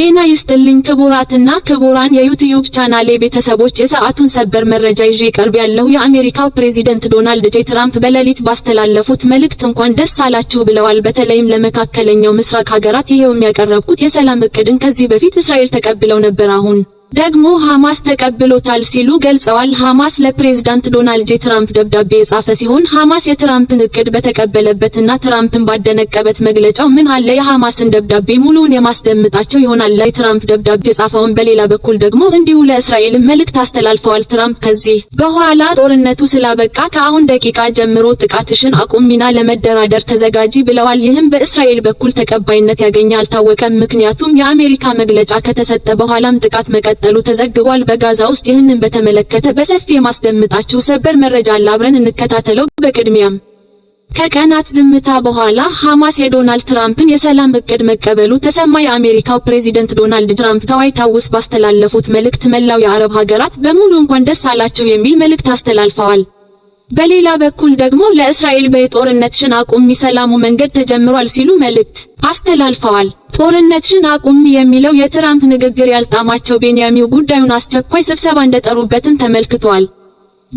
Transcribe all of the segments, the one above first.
ጤና ይስጥልኝ ክቡራትና ክቡራን የዩትዩብ ቻናሌ ቤተሰቦች የሰዓቱን ሰበር መረጃ ይዤ ቀርብ ያለው የአሜሪካው ፕሬዚደንት ዶናልድ ጄ ትራምፕ በሌሊት ባስተላለፉት መልእክት እንኳን ደስ አላችሁ ብለዋል። በተለይም ለመካከለኛው ምስራቅ ሀገራት ይሄው የሚያቀረብኩት የሰላም እቅድን ከዚህ በፊት እስራኤል ተቀብለው ነበር አሁን ደግሞ ሐማስ ተቀብሎታል ሲሉ ገልጸዋል። ሐማስ ለፕሬዝዳንት ዶናልድ ጄ ትራምፕ ደብዳቤ የጻፈ ሲሆን ሐማስ የትራምፕን እቅድ በተቀበለበትና ትራምፕን ባደነቀበት መግለጫው ምን አለ የሐማስን ደብዳቤ ሙሉውን የማስደምጣቸው ይሆናል። የትራምፕ ደብዳቤ የጻፈውን በሌላ በኩል ደግሞ እንዲሁ ለእስራኤል መልእክት አስተላልፈዋል። ትራምፕ ከዚህ በኋላ ጦርነቱ ስላበቃ ከአሁን ደቂቃ ጀምሮ ጥቃትሽን አቁሚና ለመደራደር ተዘጋጂ ብለዋል። ይህም በእስራኤል በኩል ተቀባይነት ያገኘ አልታወቀም። ምክንያቱም የአሜሪካ መግለጫ ከተሰጠ በኋላም ጥቃት መቀጠል መቀጠሉ ተዘግቧል። በጋዛ ውስጥ ይህንን በተመለከተ በሰፊ የማስደምጣችሁ ሰበር መረጃ አለ፣ አብረን እንከታተለው። በቅድሚያም ከቀናት ዝምታ በኋላ ሐማስ የዶናልድ ትራምፕን የሰላም እቅድ መቀበሉ ተሰማ። የአሜሪካው ፕሬዚደንት ዶናልድ ትራምፕ ከዋይት ሃውስ ባስተላለፉት መልእክት መላው የአረብ ሀገራት በሙሉ እንኳን ደስ አላችሁ የሚል መልእክት አስተላልፈዋል። በሌላ በኩል ደግሞ ለእስራኤል በጦርነትሽን አቁሚ ሰላሙ መንገድ ተጀምሯል ሲሉ መልእክት አስተላልፈዋል። ጦርነትሽን አቁሚ የሚለው የትራምፕ ንግግር ያልጣማቸው ቤንያሚው ጉዳዩን አስቸኳይ ስብሰባ እንደጠሩበትም ተመልክቷል።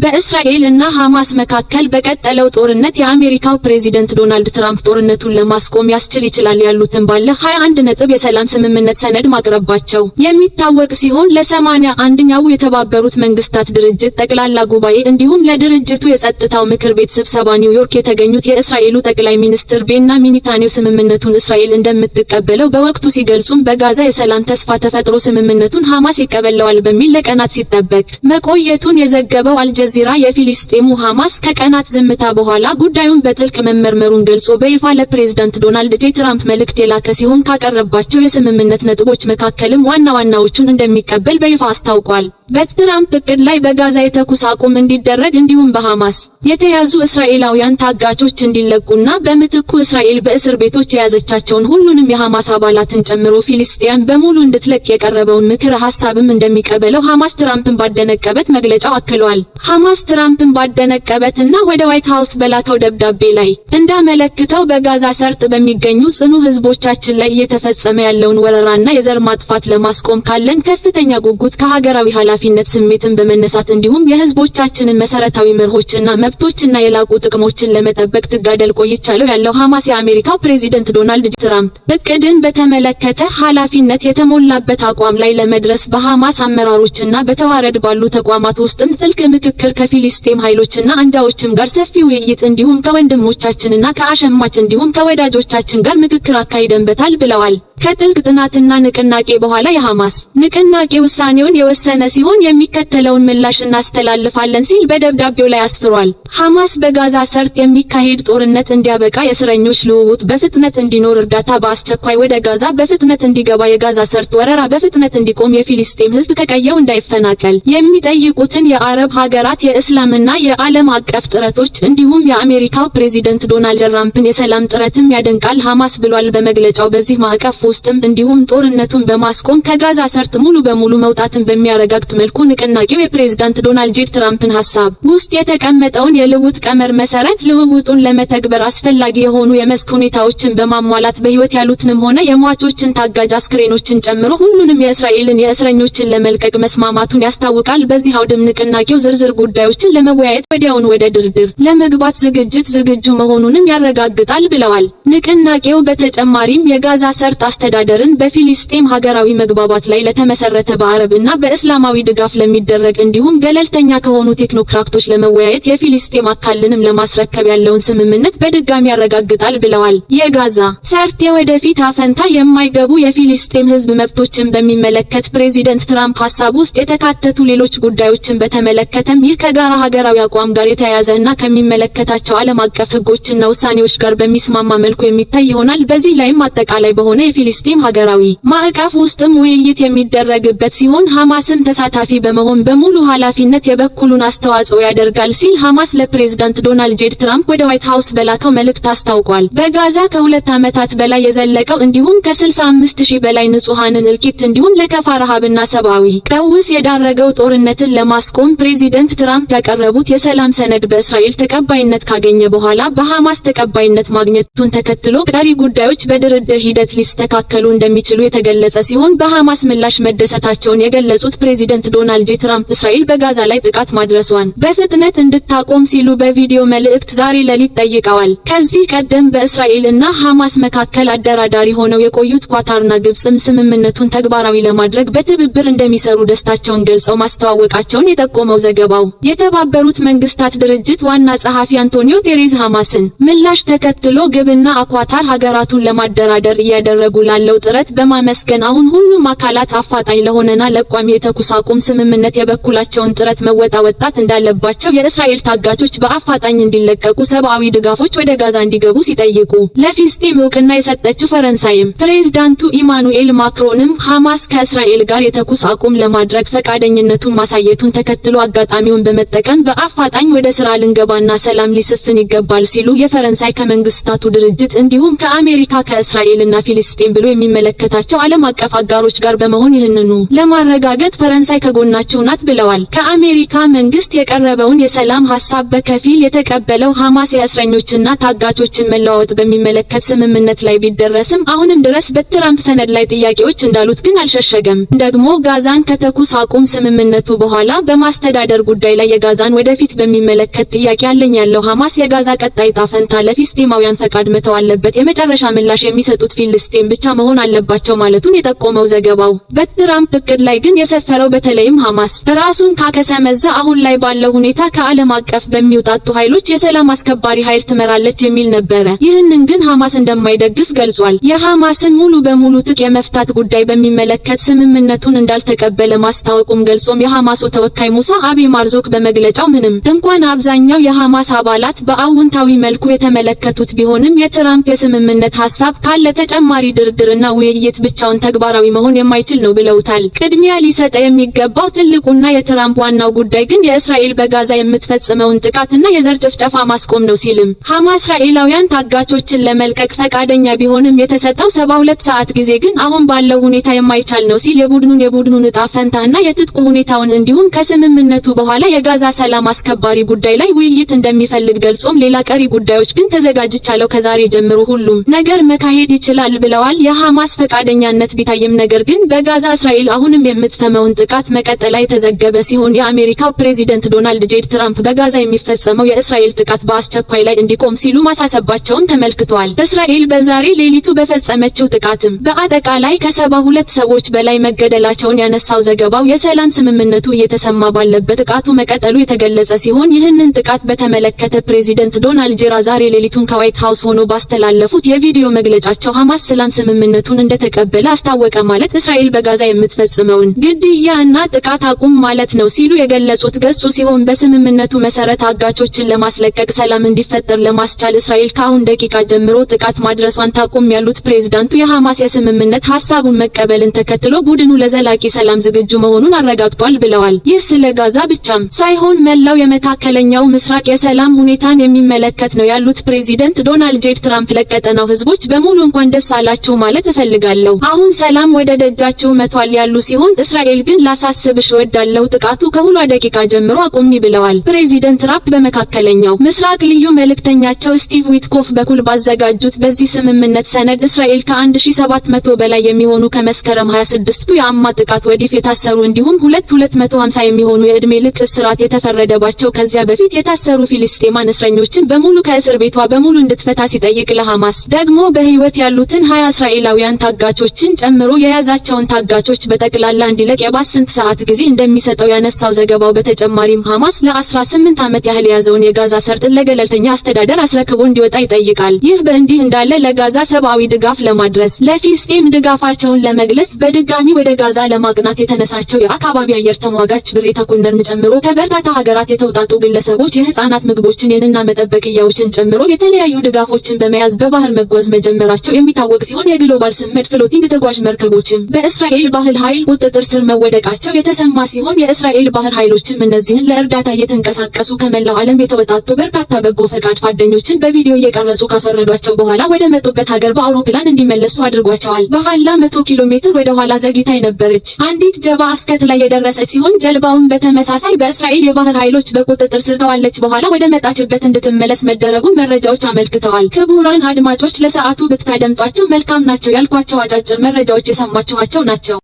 በእስራኤል እና ሐማስ መካከል በቀጠለው ጦርነት የአሜሪካው ፕሬዚደንት ዶናልድ ትራምፕ ጦርነቱን ለማስቆም ያስችል ይችላል ያሉትን ባለ 21 ነጥብ የሰላም ስምምነት ሰነድ ማቅረባቸው የሚታወቅ ሲሆን ለሰማንያ አንደኛው የተባበሩት መንግስታት ድርጅት ጠቅላላ ጉባኤ እንዲሁም ለድርጅቱ የጸጥታው ምክር ቤት ስብሰባ ኒውዮርክ የተገኙት የእስራኤሉ ጠቅላይ ሚኒስትር ቤንያሚን ኔታንያሁ ስምምነቱን እስራኤል እንደምትቀበለው በወቅቱ ሲገልጹም በጋዛ የሰላም ተስፋ ተፈጥሮ ስምምነቱን ሐማስ ይቀበለዋል በሚል ለቀናት ሲጠበቅ መቆየቱን የዘገበው አልጀ አልጀዚራ የፊሊስጤሙ ሐማስ ከቀናት ዝምታ በኋላ ጉዳዩን በጥልቅ መመርመሩን ገልጾ በይፋ ለፕሬዝዳንት ዶናልድ ጄ ትራምፕ መልእክት የላከ ሲሆን ካቀረባቸው የስምምነት ነጥቦች መካከልም ዋና ዋናዎቹን እንደሚቀበል በይፋ አስታውቋል። በትራምፕ እቅድ ላይ በጋዛ የተኩስ አቁም እንዲደረግ እንዲሁም በሐማስ የተያዙ እስራኤላውያን ታጋቾች እንዲለቁና በምትኩ እስራኤል በእስር ቤቶች የያዘቻቸውን ሁሉንም የሐማስ አባላትን ጨምሮ ፊልስጤም በሙሉ እንድትለቅ የቀረበውን ምክር ሐሳብም እንደሚቀበለው ሐማስ ትራምፕን ባደነቀበት መግለጫው አክሏል። ሐማስ ትራምፕን ባደነቀበትና ወደ ዋይት ሀውስ በላከው ደብዳቤ ላይ እንዳመለክተው በጋዛ ሰርጥ በሚገኙ ጽኑ ህዝቦቻችን ላይ እየተፈጸመ ያለውን ወረራና የዘር ማጥፋት ለማስቆም ካለን ከፍተኛ ጉጉት ከሀገራዊ ኃላፊ የኃላፊነት ስሜትን በመነሳት እንዲሁም የህዝቦቻችንን መሰረታዊ መርሆችና መብቶችና የላቁ ጥቅሞችን ለመጠበቅ ትጋደል ቆይቻለሁ ያለው ሐማስ የአሜሪካው ፕሬዚደንት ዶናልድ ትራምፕ እቅድን በተመለከተ ኃላፊነት የተሞላበት አቋም ላይ ለመድረስ በሐማስ አመራሮችና በተዋረድ ባሉ ተቋማት ውስጥም ጥልቅ ምክክር ከፊሊስቴም ኃይሎችና አንጃዎችም ጋር ሰፊ ውይይት እንዲሁም ከወንድሞቻችንና ከአሸማች እንዲሁም ከወዳጆቻችን ጋር ምክክር አካሂደንበታል ብለዋል። ከጥልቅ ጥናትና ንቅናቄ በኋላ የሐማስ ንቅናቄ ውሳኔውን የወሰነ ሲሆን የሚከተለውን ምላሽ እናስተላልፋለን ሲል በደብዳቤው ላይ አስፍሯል። ሐማስ በጋዛ ሰርጥ የሚካሄድ ጦርነት እንዲያበቃ፣ የእስረኞች ልውውጥ በፍጥነት እንዲኖር፣ እርዳታ በአስቸኳይ ወደ ጋዛ በፍጥነት እንዲገባ፣ የጋዛ ሰርጥ ወረራ በፍጥነት እንዲቆም፣ የፊሊስጤም ህዝብ ከቀየው እንዳይፈናቀል የሚጠይቁትን የአረብ ሀገራት የእስላምና የዓለም አቀፍ ጥረቶች እንዲሁም የአሜሪካው ፕሬዚደንት ዶናልድ ትራምፕን የሰላም ጥረትም ያደንቃል ሐማስ ብሏል በመግለጫው በዚህ ማዕቀፍ ውስጥም እንዲሁም ጦርነቱን በማስቆም ከጋዛ ሰርጥ ሙሉ በሙሉ መውጣትን በሚያረጋግጥ መልኩ ንቅናቄው የፕሬዝዳንት ዶናልድ ትራምፕን ሀሳብ ውስጥ የተቀመጠውን የልውጥ ቀመር መሰረት ልውውጡን ለመተግበር አስፈላጊ የሆኑ የመስክ ሁኔታዎችን በማሟላት በህይወት ያሉትንም ሆነ የሟቾችን ታጋጅ አስክሬኖችን ጨምሮ ሁሉንም የእስራኤልን የእስረኞችን ለመልቀቅ መስማማቱን ያስታውቃል። በዚህ አውድም ንቅናቄው ዝርዝር ጉዳዮችን ለመወያየት ወዲያውን ወደ ድርድር ለመግባት ዝግጅት ዝግጁ መሆኑንም ያረጋግጣል ብለዋል። ንቅናቄው በተጨማሪም የጋዛ ሰርጥ አስተዳደርን በፊሊስጤም ሀገራዊ መግባባት ላይ ለተመሰረተ በአረብና በእስላማዊ ድጋፍ ለሚደረግ እንዲሁም ገለልተኛ ከሆኑ ቴክኖክራቶች ለመወያየት የፊሊስጤም አካልንም ለማስረከብ ያለውን ስምምነት በድጋሚ ያረጋግጣል ብለዋል። የጋዛ ሰርት የወደፊት አፈንታ የማይገቡ የፊሊስጤም ህዝብ መብቶችን በሚመለከት ፕሬዚደንት ትራምፕ ሀሳብ ውስጥ የተካተቱ ሌሎች ጉዳዮችን በተመለከተም ይህ ከጋራ ሀገራዊ አቋም ጋር የተያያዘ እና ከሚመለከታቸው ዓለም አቀፍ ህጎችና ውሳኔዎች ጋር በሚስማማ መልኩ የሚታይ ይሆናል። በዚህ ላይም አጠቃላይ በሆነ የፊሊ በፍልስጤም ሀገራዊ ማዕቀፍ ውስጥም ውይይት የሚደረግበት ሲሆን ሐማስም ተሳታፊ በመሆን በሙሉ ኃላፊነት የበኩሉን አስተዋጽኦ ያደርጋል ሲል ሐማስ ለፕሬዝዳንት ዶናልድ ጄድ ትራምፕ ወደ ዋይት ሀውስ በላከው መልእክት አስታውቋል። በጋዛ ከሁለት ዓመታት በላይ የዘለቀው እንዲሁም ከ65 ሺህ በላይ ንጹሐንን እልቂት እንዲሁም ለከፋ ረሃብና ሰብአዊ ቀውስ የዳረገው ጦርነትን ለማስቆም ፕሬዚደንት ትራምፕ ያቀረቡት የሰላም ሰነድ በእስራኤል ተቀባይነት ካገኘ በኋላ በሐማስ ተቀባይነት ማግኘቱን ተከትሎ ቀሪ ጉዳዮች በድርድር ሂደት ሊስተካከሉ ሊስተካከሉ እንደሚችሉ የተገለጸ ሲሆን በሐማስ ምላሽ መደሰታቸውን የገለጹት ፕሬዚደንት ዶናልድ ጄ ትራምፕ እስራኤል በጋዛ ላይ ጥቃት ማድረሷን በፍጥነት እንድታቆም ሲሉ በቪዲዮ መልእክት ዛሬ ሌሊት ጠይቀዋል። ከዚህ ቀደም በእስራኤል እና ሐማስ መካከል አደራዳሪ ሆነው የቆዩት ኳታርና ግብጽም ስምምነቱን ተግባራዊ ለማድረግ በትብብር እንደሚሰሩ ደስታቸውን ገልጸው ማስተዋወቃቸውን የጠቆመው ዘገባው የተባበሩት መንግስታት ድርጅት ዋና ጸሐፊ አንቶኒዮ ቴሬዝ ሐማስን ምላሽ ተከትሎ ግብና አኳታር ሀገራቱን ለማደራደር እያደረጉ ላለው ጥረት በማመስገን አሁን ሁሉም አካላት አፋጣኝ ለሆነና ለቋሚ የተኩስ አቁም ስምምነት የበኩላቸውን ጥረት መወጣ ወጣት እንዳለባቸው የእስራኤል ታጋቾች በአፋጣኝ እንዲለቀቁ ሰብአዊ ድጋፎች ወደ ጋዛ እንዲገቡ ሲጠይቁ ለፊልስጤም እውቅና የሰጠችው ፈረንሳይም ፕሬዝዳንቱ ኢማኑኤል ማክሮንም ሐማስ ከእስራኤል ጋር የተኩስ አቁም ለማድረግ ፈቃደኝነቱን ማሳየቱን ተከትሎ አጋጣሚውን በመጠቀም በአፋጣኝ ወደ ስራ ልንገባና ሰላም ሊሰፍን ይገባል ሲሉ የፈረንሳይ ከመንግስታቱ ድርጅት እንዲሁም ከአሜሪካ ከእስራኤልና ፊልስጤም አይደለም ብሎ የሚመለከታቸው ዓለም አቀፍ አጋሮች ጋር በመሆን ይህንኑ ለማረጋገጥ ፈረንሳይ ከጎናቸው ናት ብለዋል። ከአሜሪካ መንግስት የቀረበውን የሰላም ሀሳብ በከፊል የተቀበለው ሐማስ የእስረኞችና ታጋቾችን መለዋወጥ በሚመለከት ስምምነት ላይ ቢደረስም አሁንም ድረስ በትራምፕ ሰነድ ላይ ጥያቄዎች እንዳሉት ግን አልሸሸገም። ደግሞ ጋዛን ከተኩስ አቁም ስምምነቱ በኋላ በማስተዳደር ጉዳይ ላይ የጋዛን ወደፊት በሚመለከት ጥያቄ አለኝ ያለው ሐማስ የጋዛ ቀጣይ ጣፈንታ ለፊልስጤማውያን ፈቃድ መተው አለበት፣ የመጨረሻ ምላሽ የሚሰጡት ፊልስጤም ብቻ መሆን አለባቸው ማለቱን የጠቆመው ዘገባው በትራምፕ እቅድ ላይ ግን የሰፈረው በተለይም ሐማስ ራሱን ካከሰመዘ አሁን ላይ ባለው ሁኔታ ከዓለም አቀፍ በሚውጣጡ ኃይሎች የሰላም አስከባሪ ኃይል ትመራለች የሚል ነበረ። ይህንን ግን ሐማስ እንደማይደግፍ ገልጿል። የሐማስን ሙሉ በሙሉ ትጥቅ የመፍታት ጉዳይ በሚመለከት ስምምነቱን እንዳልተቀበለ ማስታወቁም ገልጾም የሐማሱ ተወካይ ሙሳ አቢ ማርዞክ በመግለጫው ምንም እንኳን አብዛኛው የሐማስ አባላት በአውንታዊ መልኩ የተመለከቱት ቢሆንም የትራምፕ የስምምነት ሐሳብ ካለ ተጨማሪ ድር ድርድርና ውይይት ብቻውን ተግባራዊ መሆን የማይችል ነው ብለውታል። ቅድሚያ ሊሰጠ የሚገባው ትልቁና የትራምፕ ዋናው ጉዳይ ግን የእስራኤል በጋዛ የምትፈጽመውን ጥቃትና የዘር ጭፍጨፋ ማስቆም ነው ሲልም ሐማስ እስራኤላውያን ታጋቾችን ለመልቀቅ ፈቃደኛ ቢሆንም የተሰጠው 72 ሰዓት ጊዜ ግን አሁን ባለው ሁኔታ የማይቻል ነው ሲል የቡድኑን የቡድኑን እጣ ፈንታና የትጥቁ ሁኔታውን እንዲሁም ከስምምነቱ በኋላ የጋዛ ሰላም አስከባሪ ጉዳይ ላይ ውይይት እንደሚፈልግ ገልጾም ሌላ ቀሪ ጉዳዮች ግን ተዘጋጅቻለሁ ከዛሬ ጀምሮ ሁሉም ነገር መካሄድ ይችላል ብለዋል። የሐማስ ፈቃደኛነት ቢታይም ነገር ግን በጋዛ እስራኤል አሁንም የምትፈመውን ጥቃት መቀጠላ የተዘገበ ሲሆን የአሜሪካው ፕሬዚደንት ዶናልድ ጄድ ትራምፕ በጋዛ የሚፈጸመው የእስራኤል ጥቃት በአስቸኳይ ላይ እንዲቆም ሲሉ ማሳሰባቸውን ተመልክቷል። እስራኤል በዛሬ ሌሊቱ በፈጸመችው ጥቃትም በአጠቃላይ ከሰባ ሁለት ሰዎች በላይ መገደላቸውን ያነሳው ዘገባው የሰላም ስምምነቱ እየተሰማ ባለበት ጥቃቱ መቀጠሉ የተገለጸ ሲሆን ይህንን ጥቃት በተመለከተ ፕሬዚደንት ዶናልድ ጄራ ዛሬ ሌሊቱን ከዋይት ሀውስ ሆኖ ባስተላለፉት የቪዲዮ መግለጫቸው ሐማስ ሰላም ስምምነቱን እንደተቀበለ አስታወቀ ማለት እስራኤል በጋዛ የምትፈጽመውን ግድያ እና ጥቃት አቁም ማለት ነው ሲሉ የገለጹት ገጹ ሲሆን በስምምነቱ መሰረት አጋቾችን ለማስለቀቅ ሰላም እንዲፈጠር ለማስቻል እስራኤል ከአሁን ደቂቃ ጀምሮ ጥቃት ማድረሷን ታቁም ያሉት ፕሬዝዳንቱ የሐማስ የስምምነት ሐሳቡን መቀበልን ተከትሎ ቡድኑ ለዘላቂ ሰላም ዝግጁ መሆኑን አረጋግጧል ብለዋል። ይህ ስለ ጋዛ ብቻም ሳይሆን መላው የመካከለኛው ምስራቅ የሰላም ሁኔታን የሚመለከት ነው ያሉት ፕሬዚደንት ዶናልድ ጄድ ትራምፕ ለቀጠናው ህዝቦች በሙሉ እንኳን ደስ አላችሁ ማለት እፈልጋለሁ። አሁን ሰላም ወደ ደጃችሁ መቷል ያሉ ሲሆን እስራኤል ግን ላሳስብሽ እወዳለሁ ጥቃቱ ከሁሏ ደቂቃ ጀምሮ አቁሚ ብለዋል። ፕሬዚደንት ትራምፕ በመካከለኛው ምስራቅ ልዩ መልእክተኛቸው ስቲቭ ዊትኮፍ በኩል ባዘጋጁት በዚህ ስምምነት ሰነድ እስራኤል ከ1700 በላይ የሚሆኑ ከመስከረም 26ቱ የአማ ጥቃት ወዲፍ የታሰሩ እንዲሁም 2250 የሚሆኑ የእድሜ ልክ እስራት የተፈረደባቸው ከዚያ በፊት የታሰሩ ፊልስጤማን እስረኞችን በሙሉ ከእስር ቤቷ በሙሉ እንድትፈታ ሲጠይቅ ለሐማስ ደግሞ በህይወት ያሉትን 20 እስራኤላውያን ታጋቾችን ጨምሮ የያዛቸውን ታጋቾች በጠቅላላ እንዲለቅ የባስንት ሰዓት ጊዜ እንደሚሰጠው ያነሳው ዘገባው በተጨማሪም ሐማስ ለ18 ዓመት ያህል የያዘውን የጋዛ ሰርጥን ለገለልተኛ አስተዳደር አስረክቦ እንዲወጣ ይጠይቃል። ይህ በእንዲህ እንዳለ ለጋዛ ሰብአዊ ድጋፍ ለማድረስ ለፊልስጤም ድጋፋቸውን ለመግለጽ በድጋሚ ወደ ጋዛ ለማቅናት የተነሳቸው የአካባቢ አየር ተሟጋች ግሬታ ኩንበርን ጨምሮ ከበርካታ ሀገራት የተውጣጡ ግለሰቦች የህፃናት ምግቦችን፣ የንና መጠበቅያዎችን ጨምሮ የተለያዩ ድጋፎችን በመያዝ በባህር መጓዝ መጀመራቸው የሚታወቅ ሲሆን የግሎባል ስምምድ ፍሎቲንግ ተጓዥ መርከቦችም በእስራኤል ባህር ኃይል ቁጥጥር ስር መወደቃቸው የተሰማ ሲሆን የእስራኤል ባህር ኃይሎችም እነዚህን ለእርዳታ እየተንቀሳቀሱ ከመላው ዓለም የተወጣጡ በርካታ በጎ ፈቃድ ፋደኞችን በቪዲዮ እየቀረጹ ካስወረዷቸው በኋላ ወደ መጡበት ሀገር በአውሮፕላን እንዲመለሱ አድርጓቸዋል። በኋላ መቶ ኪሎ ሜትር ወደ ኋላ ዘግይታ የነበረች አንዲት ጀባ አስከት ላይ የደረሰች ሲሆን ጀልባውን በተመሳሳይ በእስራኤል የባህር ኃይሎች በቁጥጥር ስር ከዋለች በኋላ ወደ መጣችበት እንድትመለስ መደረጉን መረጃዎች አመልክተዋል። ክቡራን አድማጮች ለሰዓቱ ብታደምጧቸው መልካም ሰላም ናቸው ያልኳቸው አጫጭር መረጃዎች የሰማችኋቸው ናቸው።